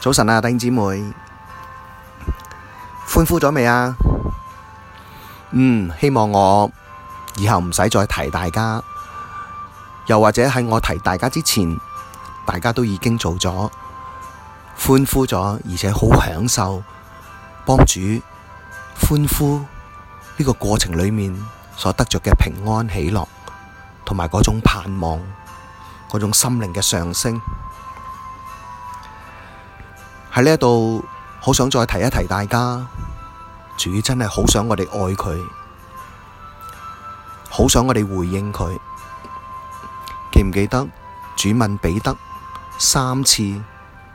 早晨啊，弟兄姊妹，歡呼咗未啊？嗯，希望我以後唔使再提大家，又或者喺我提大家之前，大家都已經做咗歡呼咗，而且好享受幫主歡呼呢、這個過程裏面所得着嘅平安喜樂，同埋嗰種盼望，嗰種心靈嘅上升。喺呢度，好想再提一提大家，主真係好想我哋愛佢，好想我哋回應佢。記唔記得主問彼得三次，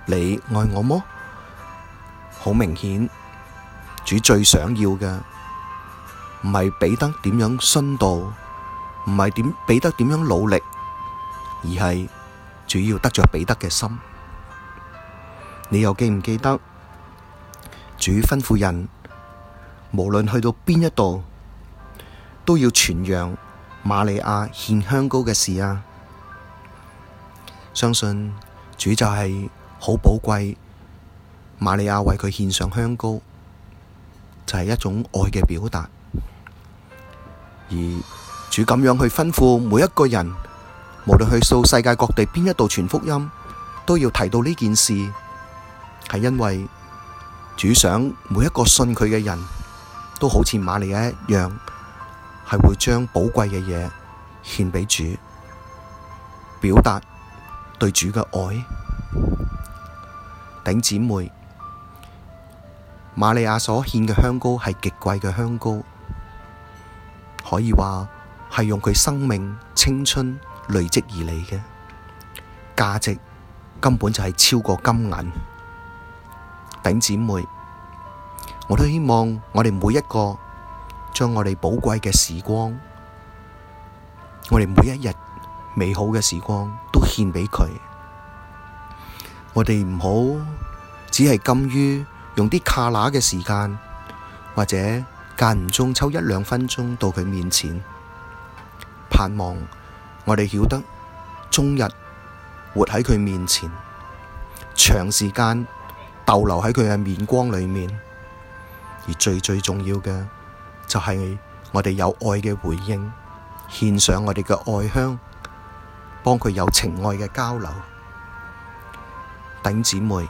你愛我麼？好明顯，主最想要嘅唔係彼得點樣殉道，唔係點彼得點樣努力，而係主要得着彼得嘅心。你又記唔記得主吩咐人，無論去到邊一度，都要傳揚瑪利亞獻香膏嘅事啊？相信主就係好寶貴，瑪利亞為佢獻上香膏，就係、是一種愛嘅表達。而主咁樣去吩咐每一個人，無論去掃世界各地邊一度傳福音，都要提到呢件事。係因為主想每一個信佢嘅人都好似瑪利亞一樣，係會將寶貴嘅嘢獻畀主，表達對主嘅愛。頂姊妹，瑪利亞所獻嘅香膏係極貴嘅香膏，可以話係用佢生命青春累積而嚟嘅價值，根本就係超過金銀。等姊妹，我都希望我哋每一個將我哋寶貴嘅時光，我哋每一日美好嘅時光都獻畀佢。我哋唔好只係甘於用啲卡那嘅時間，或者間唔中抽一兩分鐘到佢面前，盼望我哋曉得終日活喺佢面前，長時間，逗留喺佢嘅面光裏面，而最最重要嘅就係我哋有愛嘅回應，獻上我哋嘅愛香，幫佢有情愛嘅交流。等姊妹，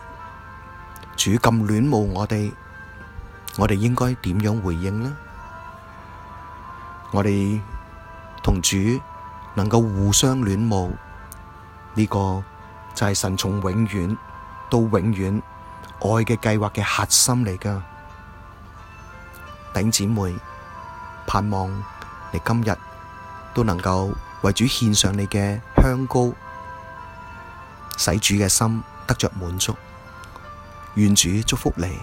主咁戀慕我哋，我哋應該點樣回應呢？我哋同主能夠互相戀慕，呢個就係神從永遠到永遠愛嘅計劃嘅核心嚟㗎，頂姊妹，盼望你今日都能夠為主獻上你嘅香膏，使主嘅心得着滿足，願主祝福你。